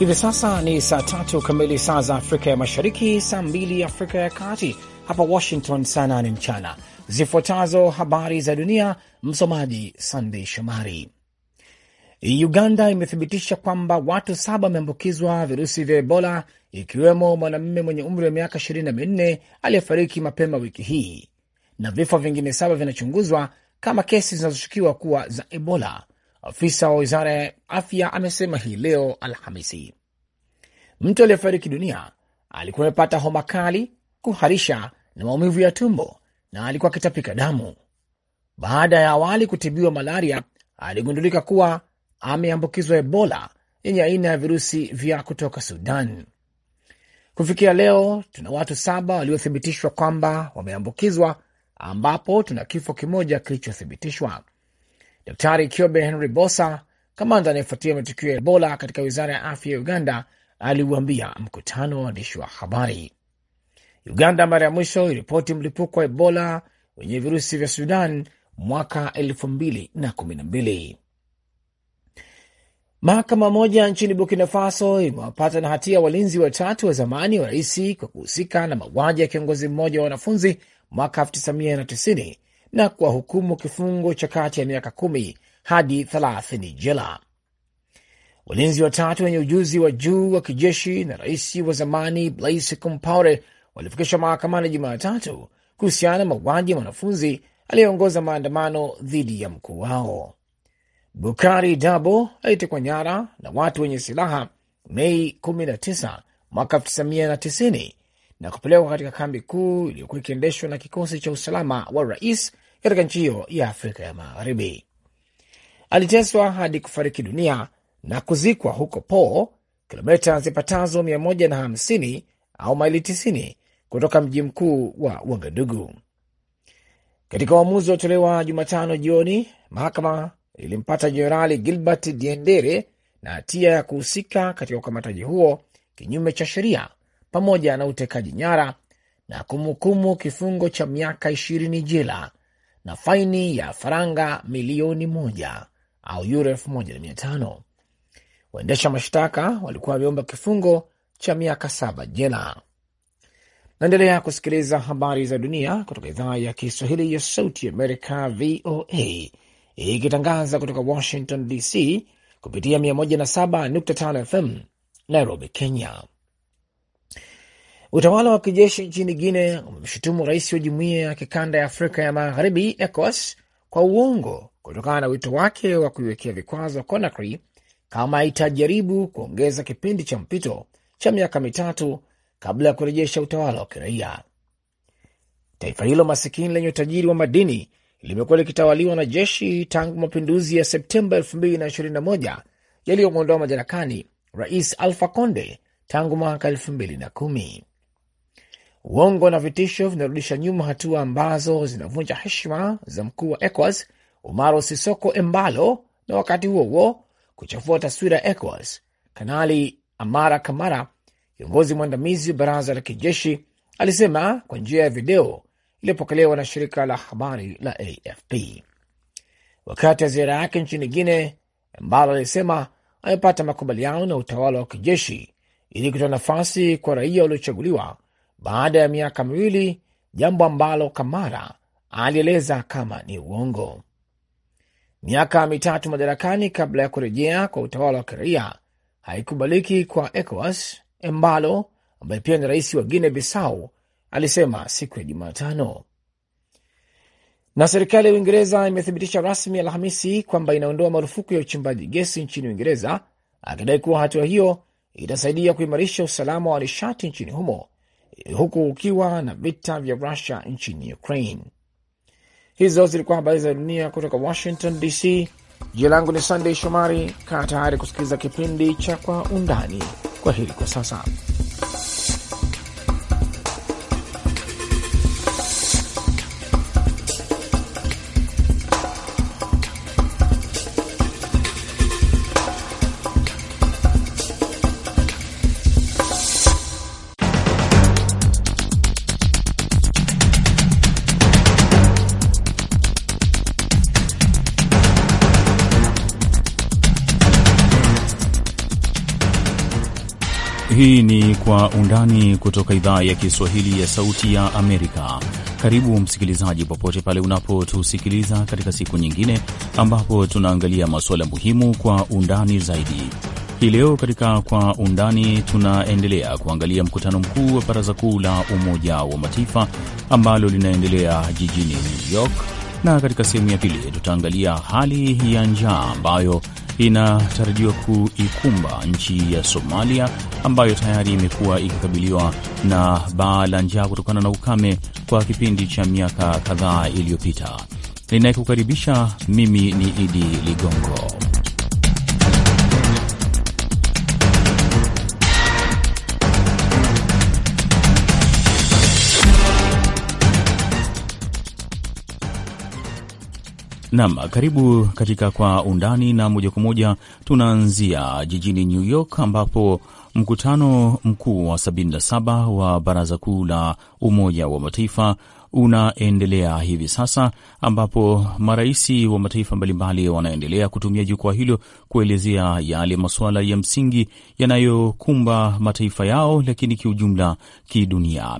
Hivi sasa ni saa tatu kamili saa za Afrika ya Mashariki, saa mbili Afrika ya Kati, hapa Washington saa nane mchana. Zifuatazo habari za dunia, msomaji Sandei Shomari. Uganda imethibitisha kwamba watu saba wameambukizwa virusi vya Ebola, ikiwemo mwanamume mwenye umri wa miaka 24 aliyefariki mapema wiki hii, na vifo vingine saba vinachunguzwa kama kesi zinazoshukiwa kuwa za Ebola. Afisa wa wizara ya afya amesema hii leo Alhamisi mtu aliyefariki dunia alikuwa amepata homa kali, kuharisha na maumivu ya tumbo na alikuwa akitapika damu. Baada ya awali kutibiwa malaria, aligundulika kuwa ameambukizwa Ebola yenye aina ya virusi vya kutoka Sudan. Kufikia leo tuna watu saba waliothibitishwa kwamba wameambukizwa, ambapo tuna kifo kimoja kilichothibitishwa, Daktari Kyobe Henry Bosa, kamanda anayefuatia matukio ya Ebola katika wizara ya afya ya Uganda, aliuambia mkutano wa waandishi wa habari. Uganda mara ya mwisho iripoti mlipuko wa Ebola wenye virusi vya Sudan mwaka elfu mbili na kumi na mbili. Mahakama moja nchini Burkina Faso imewapata na hatia walinzi watatu wa zamani wa raisi kwa kuhusika na mauaji ya kiongozi mmoja wa wanafunzi mwaka 1990 na kuwahukumu kifungo cha kati ya miaka kumi hadi thelathini jela. Walinzi watatu wenye ujuzi wa juu wa kijeshi na rais wa zamani Blaise Compaore walifikishwa mahakamani Jumatatu kuhusiana na mauaji ya mwanafunzi aliyeongoza maandamano dhidi ya mkuu wao. Bukari Dabo alitekwa nyara na watu wenye silaha Mei 19 mwaka 1990 na kupelekwa katika kambi kuu iliyokuwa ikiendeshwa na kikosi cha usalama wa rais katika nchi hiyo ya Afrika ya Magharibi. Aliteswa hadi kufariki dunia na kuzikwa huko Po, kilomita zipatazo 150 au maili 90 kutoka mji mkuu wa Wagadugu. Katika uamuzi uliotolewa Jumatano jioni, mahakama ilimpata Jenerali Gilbert Diendere na hatia ya kuhusika katika ukamataji huo kinyume cha sheria pamoja na utekaji nyara na kumhukumu kifungo cha miaka ishirini jela na faini ya faranga milioni moja au yuro elfu moja na mia tano. Waendesha mashtaka walikuwa wameomba kifungo cha miaka saba jela. Naendelea kusikiliza habari za dunia kutoka idhaa ya Kiswahili ya Sauti Amerika, VOA, ikitangaza kutoka Washington DC kupitia 107.5 FM Nairobi, Kenya. Utawala wa kijeshi nchini Guinea umemshutumu rais wa jumuiya ya kikanda ya Afrika ya Magharibi, ECOWAS, kwa uongo kutokana na wito wake wa kuiwekea vikwazo Conakry kama itajaribu kuongeza kipindi cha mpito cha miaka mitatu kabla ya kurejesha utawala wa kiraia. Taifa hilo masikini lenye utajiri wa madini limekuwa likitawaliwa na jeshi tangu mapinduzi ya Septemba 2021 yaliyomwondoa madarakani rais Alpha Conde tangu mwaka 2010. Uongo na vitisho vinarudisha nyuma hatua ambazo zinavunja heshima za mkuu wa ECOWAS Umaro Sisoko Embalo, na wakati huo huo kuchafua taswira ya ECOWAS. Kanali Amara Kamara, kiongozi mwandamizi wa baraza la kijeshi, alisema kwa njia ya video iliyopokelewa na shirika la habari la AFP wakati wa ziara yake nchini Guine. Embalo alisema amepata makubaliano na utawala wa kijeshi ili kutoa nafasi kwa raia waliochaguliwa baada ya miaka miwili, jambo ambalo Kamara alieleza kama ni uongo. Miaka mitatu madarakani kabla ya kurejea kwa utawala wa kiraia haikubaliki kwa ECOWAS, Embalo ambaye pia ni rais wa Guinea Bissau alisema siku ya Jumatano. Na serikali ya Uingereza imethibitisha rasmi Alhamisi kwamba inaondoa marufuku ya uchimbaji gesi nchini Uingereza, akidai kuwa hatua hiyo itasaidia kuimarisha usalama wa nishati nchini humo huku ukiwa na vita vya Rusia nchini Ukraine. Hizo zilikuwa habari za dunia kutoka Washington DC. Jina langu ni Sandey Shomari. Kaa tayari kusikiliza kipindi cha Kwa Undani. Kwa heri kwa sasa. Hii ni Kwa Undani kutoka idhaa ya Kiswahili ya Sauti ya Amerika. Karibu msikilizaji, popote pale unapotusikiliza katika siku nyingine ambapo tunaangalia masuala muhimu kwa undani zaidi. Hii leo katika Kwa Undani tunaendelea kuangalia mkutano mkuu wa Baraza Kuu la Umoja wa Mataifa ambalo linaendelea jijini New York, na katika sehemu ya pili tutaangalia hali ya njaa ambayo inatarajiwa kuikumba nchi ya Somalia ambayo tayari imekuwa ikikabiliwa na baa la njaa kutokana na ukame kwa kipindi cha miaka kadhaa iliyopita. Ninayekukaribisha mimi ni Idi Ligongo. Naam, karibu katika Kwa Undani na moja kwa moja tunaanzia jijini New York ambapo mkutano mkuu wa 77 wa Baraza Kuu la Umoja wa Mataifa unaendelea hivi sasa ambapo marais wa mataifa mbalimbali wanaendelea kutumia jukwaa hilo kuelezea yale masuala ya msingi yanayokumba mataifa yao, lakini kiujumla kidunia.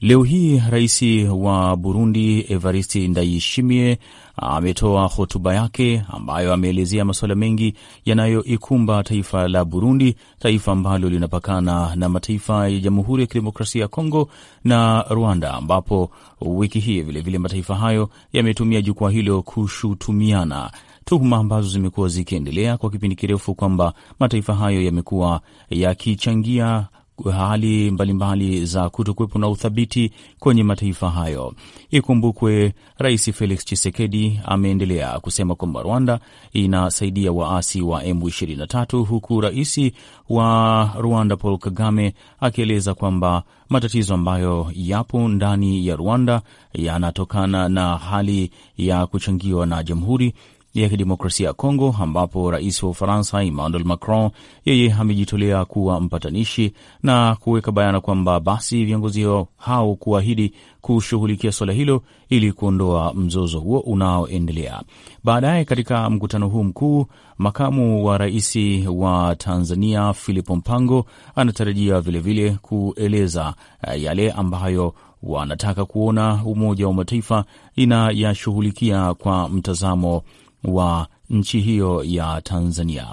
Leo hii rais wa Burundi Evariste Ndayishimiye ametoa hotuba yake ambayo ameelezea masuala mengi yanayoikumba taifa la Burundi, taifa ambalo linapakana na mataifa ya Jamhuri ya Kidemokrasia ya Kongo na Rwanda, ambapo wiki hii vilevile mataifa hayo yametumia jukwaa hilo kushutumiana tuhuma ambazo zimekuwa zikiendelea kwa kipindi kirefu kwamba mataifa hayo yamekuwa yakichangia hali mbalimbali za kutokuwepo na uthabiti kwenye mataifa hayo. Ikumbukwe, Rais Felix Tshisekedi ameendelea kusema kwamba Rwanda inasaidia waasi wa, wa M23 huku rais wa Rwanda Paul Kagame akieleza kwamba matatizo ambayo yapo ndani ya Rwanda yanatokana na hali ya kuchangiwa na jamhuri ya Kidemokrasia ya Kongo, ambapo rais wa Ufaransa Emmanuel Macron yeye amejitolea kuwa mpatanishi na kuweka bayana kwamba basi viongozi hao kuahidi kushughulikia suala hilo ili kuondoa mzozo huo unaoendelea. Baadaye katika mkutano huu mkuu, makamu wa rais wa Tanzania Philipo Mpango anatarajia vilevile kueleza eh, yale ambayo wanataka kuona Umoja wa Mataifa inayashughulikia kwa mtazamo wa nchi hiyo ya Tanzania.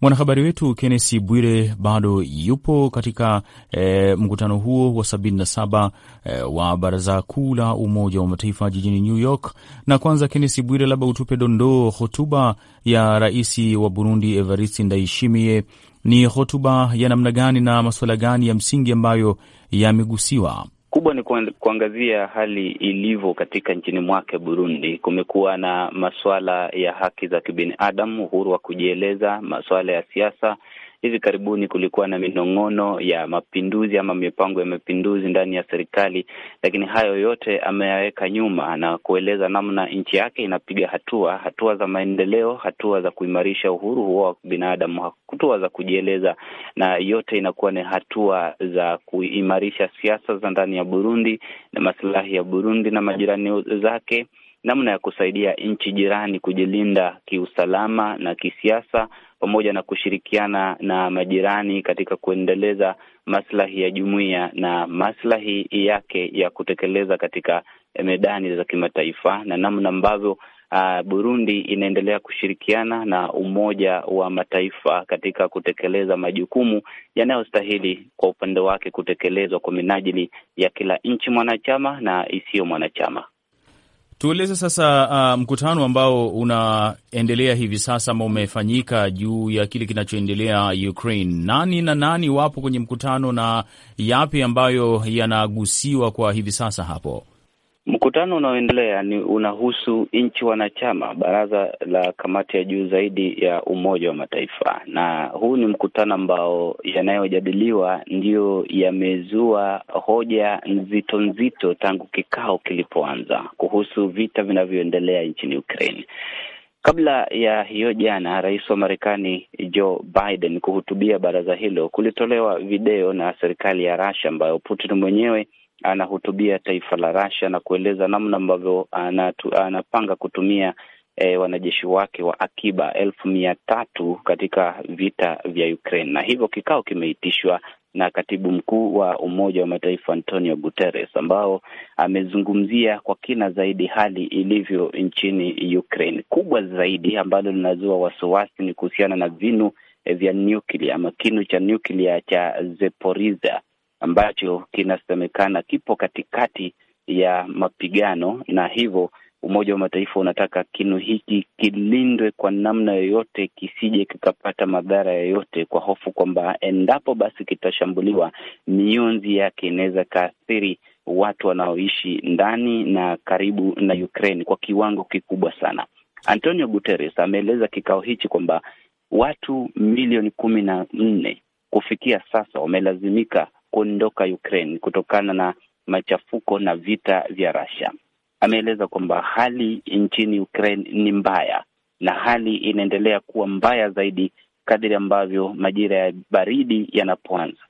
Mwanahabari wetu Kennesi Bwire bado yupo katika e, mkutano huo wa 77 e, eh, wa Baraza Kuu la Umoja wa Mataifa jijini New York. Na kwanza, Kennesi Bwire, labda utupe dondoo hotuba ya rais wa Burundi Evariste Ndayishimiye. Ni hotuba ya namna gani na masuala gani ya msingi ambayo yamegusiwa? kubwa ni kuangazia hali ilivyo katika nchini mwake Burundi. Kumekuwa na masuala ya haki za kibinadamu, uhuru wa kujieleza, masuala ya siasa hivi karibuni kulikuwa na minong'ono ya mapinduzi ama mipango ya mapinduzi ndani ya serikali, lakini hayo yote ameyaweka nyuma na kueleza namna nchi yake inapiga hatua, hatua za maendeleo, hatua za kuimarisha uhuru huo wa binadamu, hatua za kujieleza, na yote inakuwa ni hatua za kuimarisha siasa za ndani ya Burundi na masilahi ya Burundi na majirani zake namna ya kusaidia nchi jirani kujilinda kiusalama na kisiasa pamoja na kushirikiana na majirani katika kuendeleza maslahi ya jumuiya na maslahi yake ya kutekeleza katika medani za kimataifa na namna ambavyo Uh, Burundi inaendelea kushirikiana na Umoja wa Mataifa katika kutekeleza majukumu yanayostahili kwa upande wake kutekelezwa kwa minajili ya kila nchi mwanachama na isiyo mwanachama. Tueleze sasa uh, mkutano ambao unaendelea hivi sasa ambao umefanyika juu ya kile kinachoendelea Ukraine. Nani na nani wapo kwenye mkutano na yapi ambayo yanagusiwa kwa hivi sasa hapo? Mkutano unaoendelea ni unahusu nchi wanachama baraza la kamati ya juu zaidi ya Umoja wa Mataifa, na huu ni mkutano ambao yanayojadiliwa ndiyo yamezua hoja nzito nzito tangu kikao kilipoanza kuhusu vita vinavyoendelea nchini Ukraine. Kabla ya hiyo jana, rais wa Marekani Joe Biden kuhutubia baraza hilo, kulitolewa video na serikali ya Russia ambayo Putin mwenyewe anahutubia taifa la Russia na kueleza namna ambavyo anapanga kutumia E, wanajeshi wake wa akiba elfu mia tatu katika vita vya Ukraine, na hivyo kikao kimeitishwa na katibu mkuu wa Umoja wa Mataifa Antonio Guterres, ambao amezungumzia kwa kina zaidi hali ilivyo nchini Ukraine. Kubwa zaidi ambalo linazua wasiwasi ni kuhusiana na vinu eh, vya nuklia ama kinu cha nuklia cha zeporiza ambacho kinasemekana kipo katikati ya mapigano, na hivyo Umoja wa Mataifa unataka kinu hiki kilindwe kwa namna yoyote, kisije kikapata madhara yoyote, kwa hofu kwamba endapo basi kitashambuliwa, mionzi yake inaweza kaathiri watu wanaoishi ndani na karibu na Ukraine kwa kiwango kikubwa sana. Antonio Guterres ameeleza kikao hichi kwamba watu milioni kumi na nne kufikia sasa wamelazimika kuondoka Ukraine kutokana na machafuko na vita vya Russia. Ameeleza kwamba hali nchini Ukraine ni mbaya na hali inaendelea kuwa mbaya zaidi kadiri ambavyo majira ya baridi yanapoanza.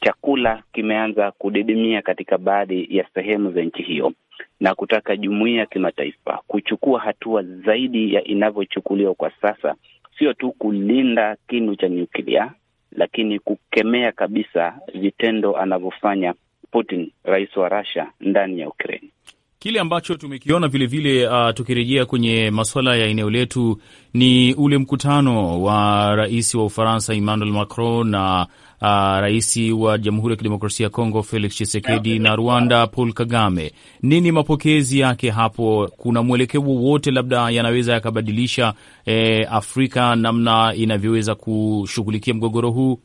Chakula kimeanza kudidimia katika baadhi ya sehemu za nchi hiyo na kutaka jumuiya ya kimataifa kuchukua hatua zaidi ya inavyochukuliwa kwa sasa, sio tu kulinda kinu cha nyuklia lakini kukemea kabisa vitendo anavyofanya Putin, rais wa Russia, ndani ya Ukraine. Kile ambacho tumekiona vilevile uh, tukirejea kwenye masuala ya eneo letu ni ule mkutano wa rais wa Ufaransa Emmanuel Macron na uh, uh, rais wa Jamhuri ya Kidemokrasia ya Kongo Felix Tshisekedi na Rwanda Paul Kagame. Nini mapokezi yake hapo? Kuna mwelekeo wowote labda yanaweza yakabadilisha eh, Afrika namna inavyoweza kushughulikia mgogoro huu?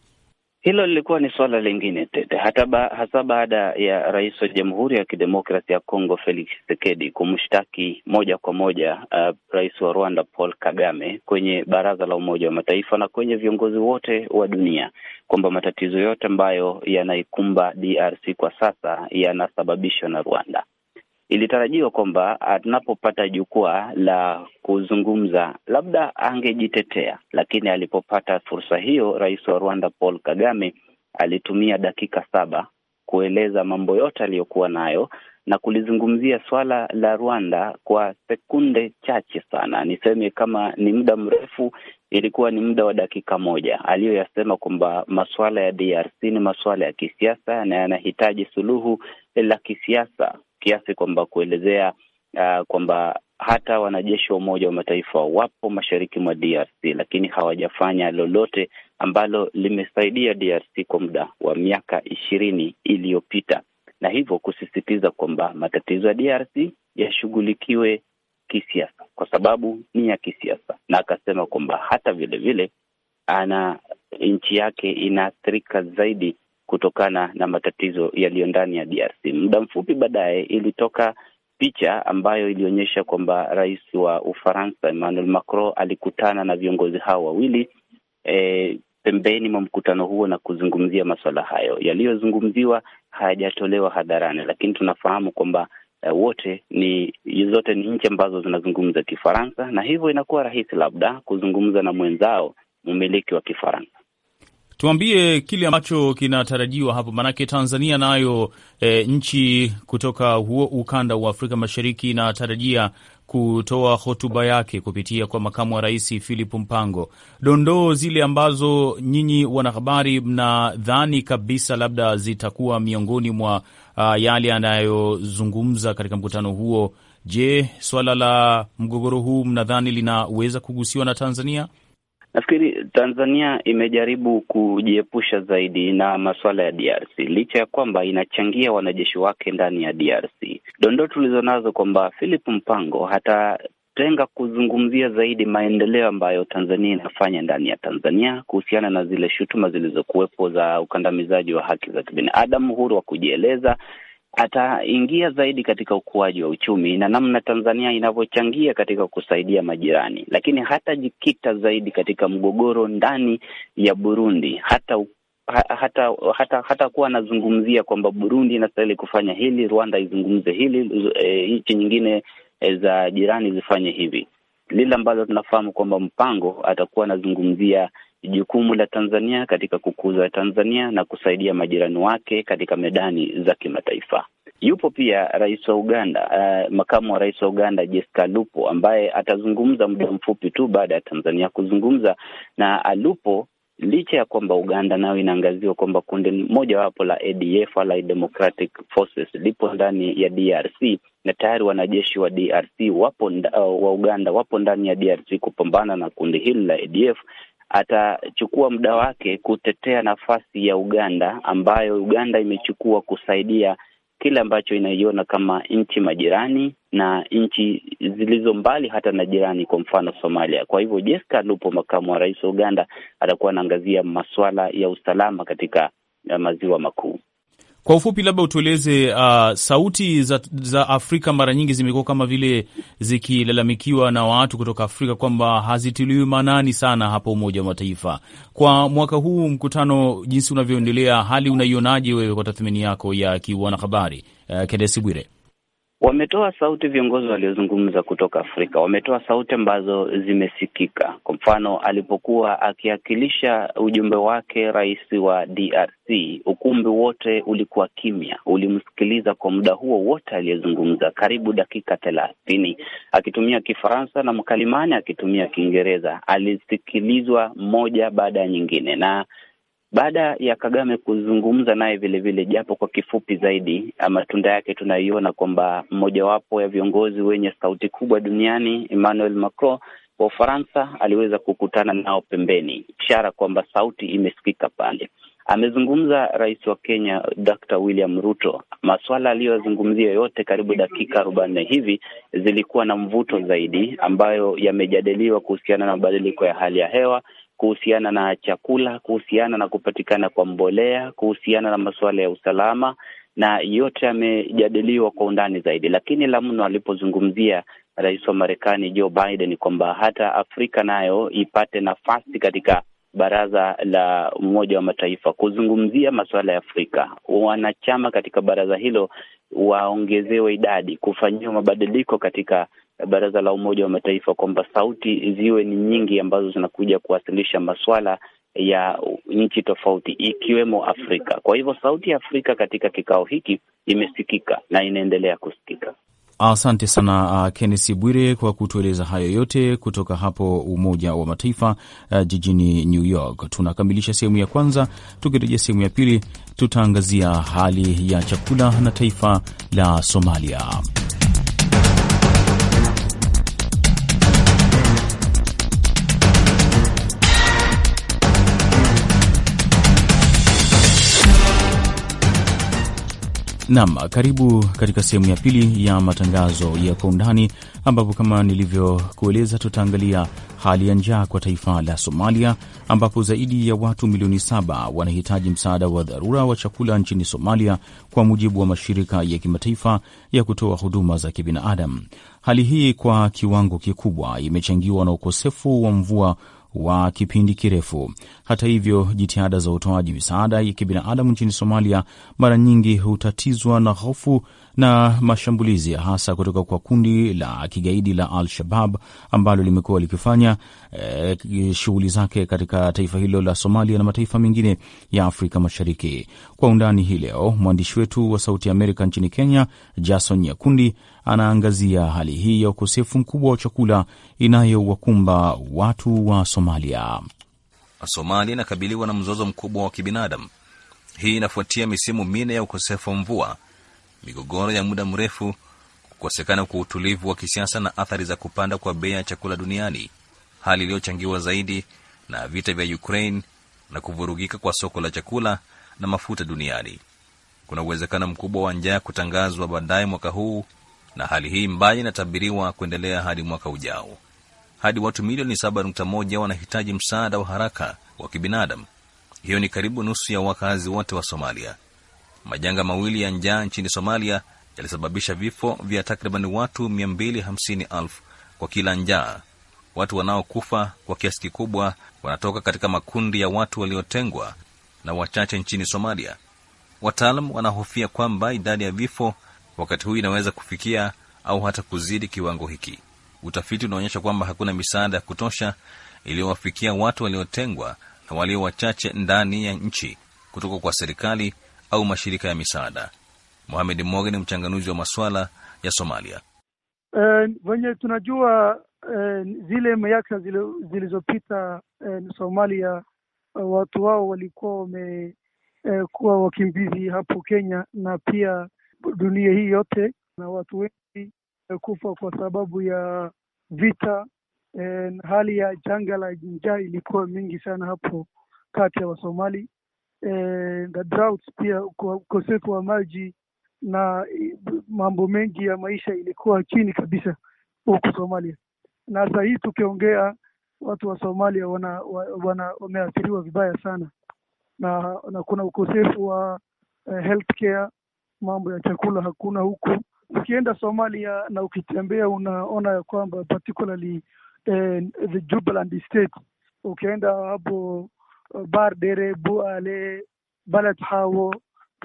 Hilo lilikuwa ni suala lingine tete hata ba, hasa baada ya rais wa Jamhuri ya Kidemokrasi ya Kongo Felix Tshisekedi kumshtaki moja kwa moja uh, rais wa Rwanda Paul Kagame kwenye Baraza la Umoja wa Mataifa na kwenye viongozi wote wa dunia kwamba matatizo yote ambayo yanaikumba DRC kwa sasa yanasababishwa na Rwanda ilitarajiwa kwamba ah, tunapopata jukwaa la kuzungumza labda angejitetea, lakini alipopata fursa hiyo, rais wa Rwanda Paul Kagame alitumia dakika saba kueleza mambo yote aliyokuwa nayo na kulizungumzia swala la Rwanda kwa sekunde chache sana. Niseme kama ni muda mrefu, ilikuwa ni muda wa dakika moja. Aliyoyasema kwamba masuala ya DRC ni masuala ya kisiasa na yanahitaji suluhu la kisiasa, kiasi kwamba kuelezea uh, kwamba hata wanajeshi wa Umoja wa Mataifa wapo mashariki mwa DRC lakini hawajafanya lolote ambalo limesaidia DRC kwa muda wa miaka ishirini iliyopita, na hivyo kusisitiza kwamba matatizo ya DRC yashughulikiwe kisiasa kwa sababu ni ya kisiasa, na akasema kwamba hata vilevile ana nchi yake inaathirika zaidi kutokana na matatizo yaliyo ndani ya DRC. Muda mfupi baadaye ilitoka picha ambayo ilionyesha kwamba rais wa Ufaransa Emmanuel Macron alikutana na viongozi hao wawili e, pembeni mwa mkutano huo na kuzungumzia masuala hayo. Yaliyozungumziwa hayajatolewa hadharani, lakini tunafahamu kwamba e, wote ni zote ni nchi ambazo zinazungumza Kifaransa, na hivyo inakuwa rahisi labda kuzungumza na mwenzao mmiliki wa Kifaransa. Tuambie kile ambacho kinatarajiwa hapo, maanake Tanzania nayo e, nchi kutoka huo ukanda wa Afrika Mashariki inatarajia kutoa hotuba yake kupitia kwa makamu wa rais Philip Mpango. Dondoo zile ambazo nyinyi wanahabari mnadhani kabisa labda zitakuwa miongoni mwa uh, yale anayozungumza katika mkutano huo. Je, swala la mgogoro huu mnadhani linaweza kugusiwa na Tanzania? Nafikiri Tanzania imejaribu kujiepusha zaidi na masuala ya DRC licha ya kwamba inachangia wanajeshi wake ndani ya DRC. Dondoo tulizonazo kwamba Philip Mpango hata tenga kuzungumzia zaidi maendeleo ambayo Tanzania inafanya ndani ya Tanzania kuhusiana na zile shutuma zilizokuwepo za ukandamizaji wa haki za kibinadamu, uhuru wa kujieleza ataingia zaidi katika ukuaji wa uchumi na namna Tanzania inavyochangia katika kusaidia majirani, lakini hatajikita zaidi katika mgogoro ndani ya Burundi hata hata hata hata kuwa anazungumzia kwamba Burundi inastahili kufanya hili, Rwanda izungumze hili, e, nchi e, nyingine e, za jirani zifanye hivi. Lile ambalo tunafahamu kwamba Mpango atakuwa anazungumzia jukumu la Tanzania katika kukuza Tanzania na kusaidia majirani wake katika medani za kimataifa. Yupo pia rais wa Uganda, uh, makamu wa rais wa Uganda Jessica Alupo ambaye atazungumza muda mfupi tu baada ya Tanzania kuzungumza na Alupo licha ya kwamba Uganda nayo inaangaziwa kwamba kundi mojawapo la ADF, la Democratic Forces, lipo ndani ya DRC na tayari wanajeshi wa DRC wapo nda, uh, wa Uganda wapo ndani ya DRC kupambana na kundi hili la ADF atachukua muda wake kutetea nafasi ya Uganda ambayo Uganda imechukua kusaidia kile ambacho inaiona kama nchi majirani na nchi zilizo mbali hata na jirani, kwa mfano Somalia. Kwa hivyo Jessica Lupo, makamu wa rais wa Uganda, atakuwa anaangazia masuala ya usalama katika eh, maziwa makuu. Kwa ufupi, labda utueleze uh, sauti za, za Afrika mara nyingi zimekuwa kama vile zikilalamikiwa na watu kutoka Afrika kwamba hazitiliwi maanani sana hapa Umoja wa Mataifa. Kwa mwaka huu mkutano, jinsi unavyoendelea, hali unaionaje wewe kwa tathmini yako ya kiwanahabari? Uh, Kedesi Bwire. Wametoa sauti viongozi waliozungumza kutoka Afrika, wametoa sauti ambazo zimesikika. Kwa mfano, alipokuwa akiakilisha ujumbe wake rais wa DRC, ukumbi wote ulikuwa kimya, ulimsikiliza kwa muda huo wote aliyezungumza, karibu dakika thelathini, akitumia Kifaransa na mkalimani akitumia Kiingereza. Alisikilizwa moja baada ya nyingine na baada ya Kagame kuzungumza naye vilevile, japo kwa kifupi zaidi, ah, matunda yake tunaiona kwamba mmojawapo ya viongozi wenye sauti kubwa duniani Emmanuel Macron wa Ufaransa aliweza kukutana nao pembeni, ishara kwamba sauti imesikika pale. Amezungumza rais wa Kenya Dr. William Ruto. Masuala aliyoyazungumzia yote, karibu dakika arobaini hivi, zilikuwa na mvuto zaidi, ambayo yamejadiliwa kuhusiana na mabadiliko ya hali ya hewa kuhusiana na chakula, kuhusiana na kupatikana kwa mbolea, kuhusiana na masuala ya usalama, na yote yamejadiliwa kwa undani zaidi. Lakini la mno alipozungumzia rais wa Marekani Joe Biden kwamba hata Afrika nayo ipate nafasi katika baraza la Umoja wa Mataifa kuzungumzia masuala ya Afrika, wanachama katika baraza hilo waongezewe idadi, kufanyiwa mabadiliko katika baraza la Umoja wa Mataifa kwamba sauti ziwe ni nyingi ambazo zinakuja kuwasilisha maswala ya nchi tofauti ikiwemo Afrika. Kwa hivyo sauti ya Afrika katika kikao hiki imesikika na inaendelea kusikika. Asante sana uh, Kenneth Bwire kwa kutueleza hayo yote kutoka hapo Umoja wa Mataifa uh, jijini New York. Tunakamilisha sehemu ya kwanza, tukirejea sehemu ya pili tutaangazia hali ya chakula na taifa la Somalia. Nam, karibu katika sehemu ya pili ya matangazo ya kwa undani, ambapo kama nilivyokueleza, tutaangalia hali ya njaa kwa taifa la Somalia, ambapo zaidi ya watu milioni saba wanahitaji msaada wa dharura wa chakula nchini Somalia, kwa mujibu wa mashirika ya kimataifa ya kutoa huduma za kibinadamu. Hali hii kwa kiwango kikubwa imechangiwa na ukosefu wa mvua wa kipindi kirefu. Hata hivyo, jitihada za utoaji misaada ya kibinadamu nchini Somalia mara nyingi hutatizwa na hofu na mashambulizi hasa kutoka kwa kundi la kigaidi la Al-Shabab ambalo limekuwa likifanya e, shughuli zake katika taifa hilo la Somalia na mataifa mengine ya Afrika Mashariki. Kwa undani hii leo, mwandishi wetu wa Sauti ya Amerika nchini Kenya, Jason Nyakundi, anaangazia hali hii ya ukosefu mkubwa wa chakula inayowakumba watu wa Somalia. Somalia inakabiliwa na mzozo mkubwa wa kibinadamu. Hii inafuatia misimu minne ya ukosefu wa mvua migogoro ya muda mrefu, kukosekana kwa utulivu wa kisiasa na athari za kupanda kwa bei ya chakula duniani, hali iliyochangiwa zaidi na vita vya Ukraine na kuvurugika kwa soko la chakula na mafuta duniani. Kuna uwezekano mkubwa wa njaa kutangazwa baadaye mwaka huu, na hali hii mbaya inatabiriwa kuendelea hadi mwaka ujao. Hadi watu milioni 7.1 wanahitaji msaada wa haraka wa kibinadamu. Hiyo ni karibu nusu ya wakazi wote wa Somalia. Majanga mawili ya njaa nchini Somalia yalisababisha vifo vya takriban watu 250,000 kwa kila njaa. Watu wanaokufa kwa kiasi kikubwa wanatoka katika makundi ya watu waliotengwa na wachache nchini Somalia. Wataalam wanahofia kwamba idadi ya vifo wakati huu inaweza kufikia au hata kuzidi kiwango hiki. Utafiti unaonyesha kwamba hakuna misaada ya kutosha iliyowafikia watu waliotengwa na walio wachache ndani ya nchi kutoka kwa serikali au mashirika ya misaada. Mohamed Morgan, mchanganuzi wa masuala ya Somalia. Uh, wenye tunajua uh, zile miaka zilizopita uh, Somalia uh, watu wao walikuwa wamekuwa uh, wakimbizi hapo Kenya na pia dunia hii yote, na watu wengi uh, kufa kwa sababu ya vita uh, hali ya janga la njaa ilikuwa mingi sana hapo kati ya Wasomali eh, drought pia ukosefu wa maji na mambo mengi ya maisha ilikuwa chini kabisa huku Somalia, na saa hii tukiongea, watu wa Somalia wana, wana wameathiriwa vibaya sana na, na kuna ukosefu wa eh, healthcare, mambo ya chakula hakuna huku. Ukienda Somalia na ukitembea, unaona ya kwamba particularly eh, the Jubaland State, ukienda hapo Bardere, Buale, hawo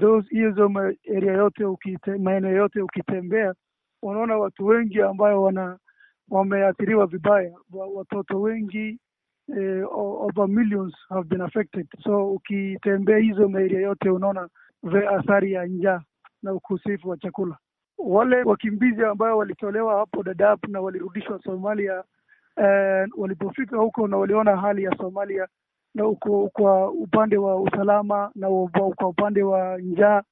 those hizo area yote ukite, maeneo yote ukitembea, unaona watu wengi ambayo wana wameathiriwa vibaya, watoto wengi eh, over millions have been affected. So ukitembea hizo maeneo yote unaona athari ya njaa na ukosefu wa chakula. Wale wakimbizi ambayo walitolewa hapo dadap na walirudishwa Somalia, eh, walipofika huko na waliona hali ya Somalia na uko kwa upande wa usalama na kwa upande wa njaa,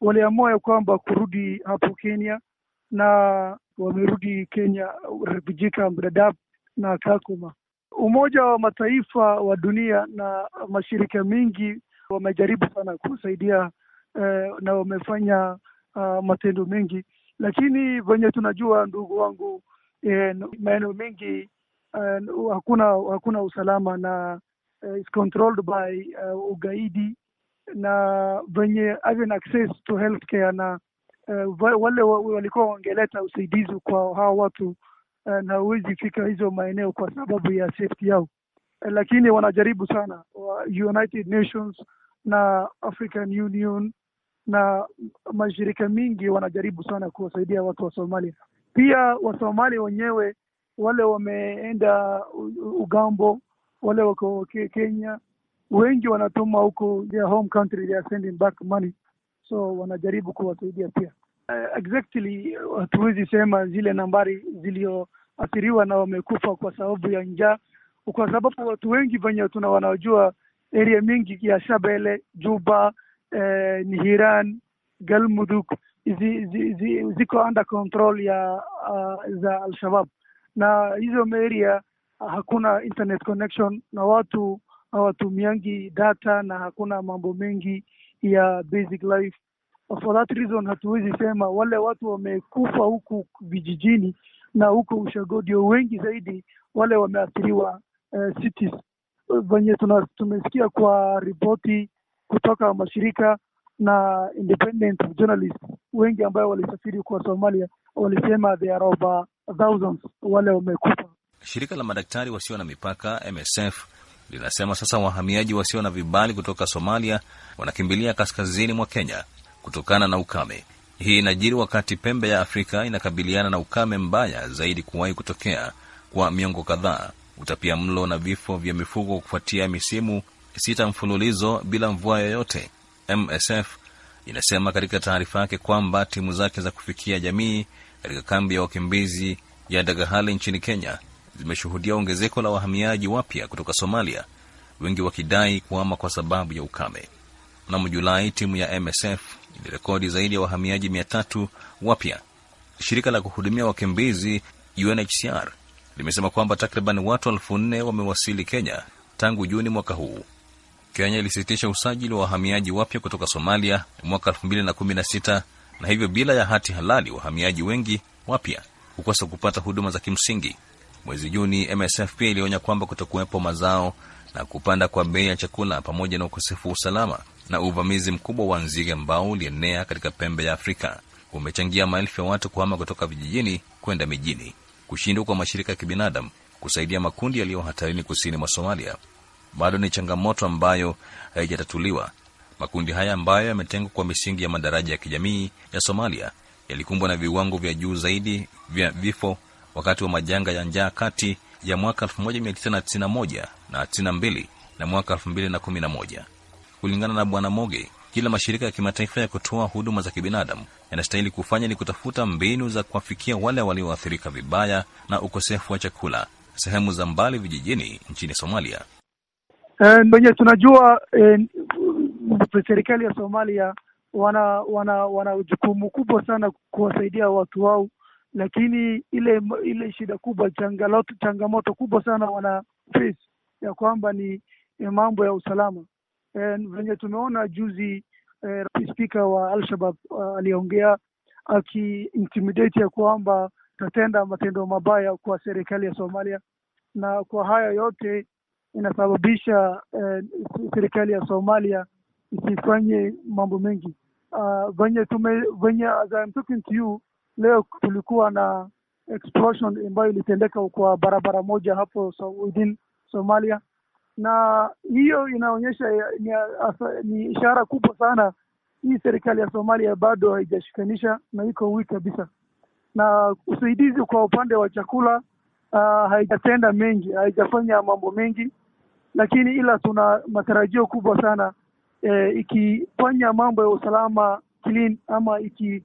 waliamua ya kwamba kurudi hapo Kenya na wamerudi Kenya refugee camp Dadaab na Kakuma. Umoja wa Mataifa wa dunia na mashirika mengi wamejaribu sana kusaidia eh, na wamefanya uh, matendo mengi, lakini venye tunajua ndugu wangu eh, maeneo mengi eh, hakuna hakuna usalama na uh, is controlled by uh, ugaidi na venye having access to healthcare na uh, wale walikuwa wangeleta usaidizi kwa hawa watu uh, na huwezi fika hizo maeneo kwa sababu ya safety yao, uh, lakini wanajaribu sana United Nations na African Union na mashirika mingi wanajaribu sana kuwasaidia watu wa Somalia. Pia Wasomali wenyewe wale wameenda Ugambo wale wako Kenya wengi wanatuma huko their home country, they are sending back money, so wanajaribu kuwasaidia pia. Uh, exactly uh, hatuwezi sema zile nambari ziliyoathiriwa na wamekufa kwa sababu ya njaa, kwa sababu watu wengi venye tuna wanaojua area mingi ya Shabele, Juba, eh, Nihiran, Galmudug zi, zi, zi, ziko under control ya uh, za Alshabab na hizo maeria hakuna internet connection na watu hawatumiangi data na hakuna mambo mengi ya basic life. For that reason, hatuwezi sema wale watu wamekufa huku vijijini na huko ushagodio wengi zaidi wale wameathiriwa uh, cities venye tumesikia kwa ripoti kutoka mashirika na independent journalist wengi ambayo walisafiri kwa Somalia walisema there are over thousands wale wamekufa Shirika la madaktari wasio na mipaka MSF linasema sasa wahamiaji wasio na vibali kutoka Somalia wanakimbilia kaskazini mwa Kenya kutokana na ukame. Hii inajiri wakati pembe ya Afrika inakabiliana na ukame mbaya zaidi kuwahi kutokea kwa miongo kadhaa, utapia mlo na vifo vya mifugo kufuatia misimu sita mfululizo bila mvua yoyote. MSF inasema katika taarifa yake kwamba timu zake za kufikia jamii katika kambi ya wakimbizi ya Dagahali nchini Kenya zimeshuhudia ongezeko la wahamiaji wapya kutoka Somalia, wengi wakidai kuhama kwa sababu ya ukame. Mnamo Julai, timu ya MSF ilirekodi zaidi ya wahamiaji mia tatu wapya. Shirika la kuhudumia wakimbizi UNHCR limesema kwamba takriban watu elfu nne wamewasili Kenya tangu Juni mwaka huu. Kenya ilisitisha usajili wa wahamiaji wapya kutoka Somalia mwaka 2016 na hivyo bila ya hati halali wahamiaji wengi wapya hukosa kupata huduma za kimsingi. Mwezi Juni, MSF pia ilionya kwamba kutokuwepo mazao na kupanda kwa bei ya chakula pamoja na ukosefu wa usalama na uvamizi mkubwa wa nzige ambao ulienea katika pembe ya Afrika umechangia maelfu ya watu kuhama kutoka vijijini kwenda mijini. Kushindwa kwa mashirika ya kibinadamu kusaidia makundi yaliyo hatarini kusini mwa Somalia bado ni changamoto ambayo haijatatuliwa. Makundi haya ambayo yametengwa kwa misingi ya madaraja ya kijamii ya Somalia yalikumbwa na viwango vya juu zaidi vya vifo wakati wa majanga ya njaa kati ya mwaka 1991 na 92 na mwaka 2011. Kulingana na Bwana Moge, kila mashirika ya kimataifa ya kutoa huduma za kibinadamu yanastahili kufanya ni kutafuta mbinu za kuwafikia wale walioathirika vibaya na ukosefu wa chakula sehemu za mbali vijijini nchini Somalia. E, tunajua e, serikali ya Somalia wana wana wana jukumu kubwa sana kuwasaidia watu wao lakini ile ile shida kubwa, changamoto changamoto kubwa sana wana face ya kwamba ni mambo ya usalama eh, venye tumeona juzi eh, spika wa Alshabab uh, aliongea akiintimidate ya kwamba tatenda matendo mabaya kwa serikali ya Somalia, na kwa haya yote inasababisha eh, serikali ya Somalia isifanye mambo mengi uh, venye tume venye as I'm talking to you Leo tulikuwa na explosion ambayo ilitendeka kwa barabara moja hapo so, within Somalia, na hiyo inaonyesha ni, ni ishara kubwa sana hii serikali ya Somalia bado haijashikanisha na iko wiki kabisa, na usaidizi kwa upande wa chakula uh, haijatenda mengi, haijafanya mambo mengi, lakini ila tuna matarajio kubwa sana eh, ikifanya mambo ya usalama clean ama iki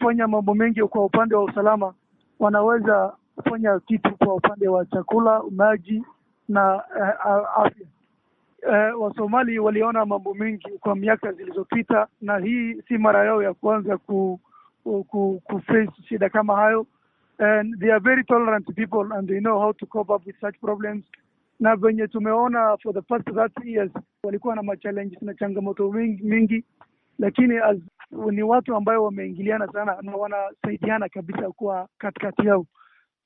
kufanya mambo mengi kwa upande wa usalama, wanaweza kufanya kitu kwa upande wa chakula, maji na uh, afya. Uh, eh, Wasomali waliona mambo mengi kwa miaka zilizopita, na hii si mara yao ya kwanza ku, ku, ku, ku face shida kama hayo and they are very tolerant people and they know how to cope up with such problems. Na venye tumeona for the past 30 years walikuwa na machallenges na changamoto mingi, mingi lakini as ni watu ambayo wameingiliana sana na wanasaidiana kabisa kuwa katikati yao,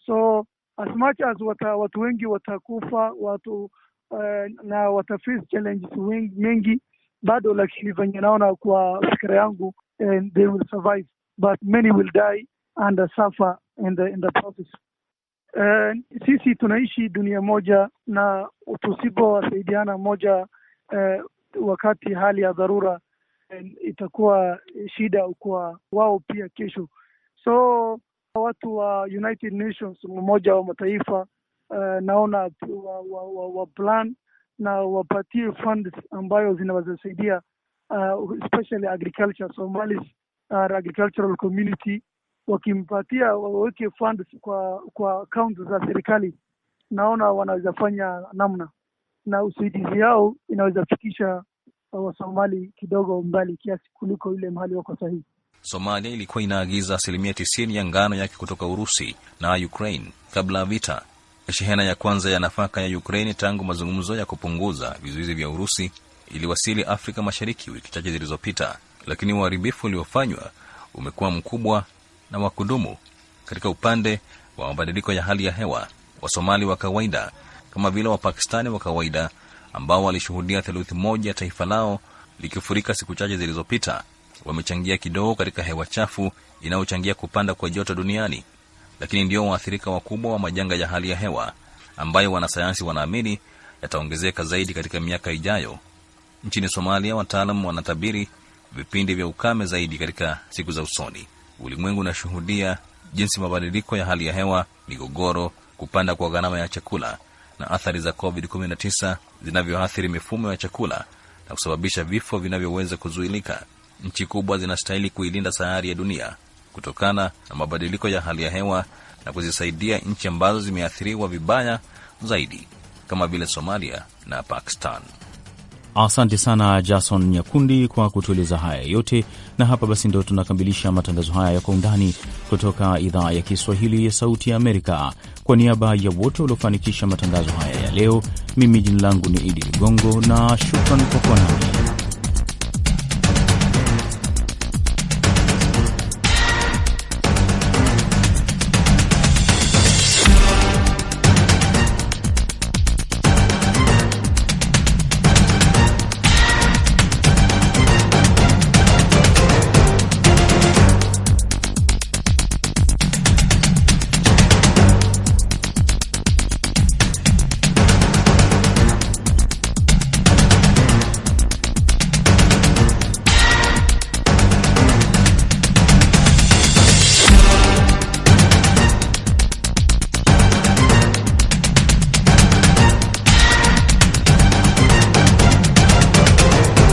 so as much as wata, watu wengi watakufa watu uh, na wataface challenges mengi bado, lakini venye naona kwa fikira yangu and eh, they will survive but many will die and suffer in the, in the process. Uh, sisi tunaishi dunia moja na tusipowasaidiana moja uh, wakati hali ya dharura itakuwa shida kwa wao pia kesho. So watu wa United Nations, mmoja wa mataifa uh, naona wa, wa, wa, wa plan na wapatie funds ambayo zinawazasaidia uh, eh, especially agriculture Somalis uh, agricultural community wakimpatia waweke funds kwa kwa account za serikali, naona wanaweza fanya namna na usaidizi yao inaweza fikisha Wasomali kidogo mbali kiasi kuliko ile mahali wako sahihi. Somalia ilikuwa inaagiza asilimia tisini ya ngano yake kutoka Urusi na Ukraine kabla ya vita. Shehena ya kwanza ya nafaka ya Ukraine tangu mazungumzo ya kupunguza vizuizi vya Urusi iliwasili Afrika Mashariki wiki chache zilizopita, lakini uharibifu uliofanywa umekuwa mkubwa na wa kudumu. Katika upande wa mabadiliko ya hali ya hewa, Wasomali wa kawaida kama vile Wapakistani wa kawaida ambao walishuhudia theluthi moja taifa lao likifurika siku chache zilizopita wamechangia kidogo katika hewa chafu inayochangia kupanda kwa joto duniani, lakini ndio waathirika wakubwa wa majanga ya hali ya hewa ambayo wanasayansi wanaamini yataongezeka zaidi katika miaka ijayo. Nchini Somalia, wataalam wanatabiri vipindi vya ukame zaidi katika siku za usoni. Ulimwengu unashuhudia jinsi mabadiliko ya hali ya hewa, migogoro, kupanda kwa gharama ya chakula na athari za COVID-19 zinavyoathiri mifumo ya chakula na kusababisha vifo vinavyoweza kuzuilika. Nchi kubwa zinastahili kuilinda sayari ya dunia kutokana na mabadiliko ya hali ya hewa na kuzisaidia nchi ambazo zimeathiriwa vibaya zaidi kama vile Somalia na Pakistan. Asante sana Jason Nyakundi kwa kutueleza haya yote, na hapa basi ndo tunakamilisha matangazo haya ya Kwa Undani kutoka idhaa ya Kiswahili ya Sauti ya Amerika. Kwa niaba ya wote waliofanikisha matangazo haya ya leo, mimi jina langu ni Idi Ligongo na shukran kwa kuwa nami.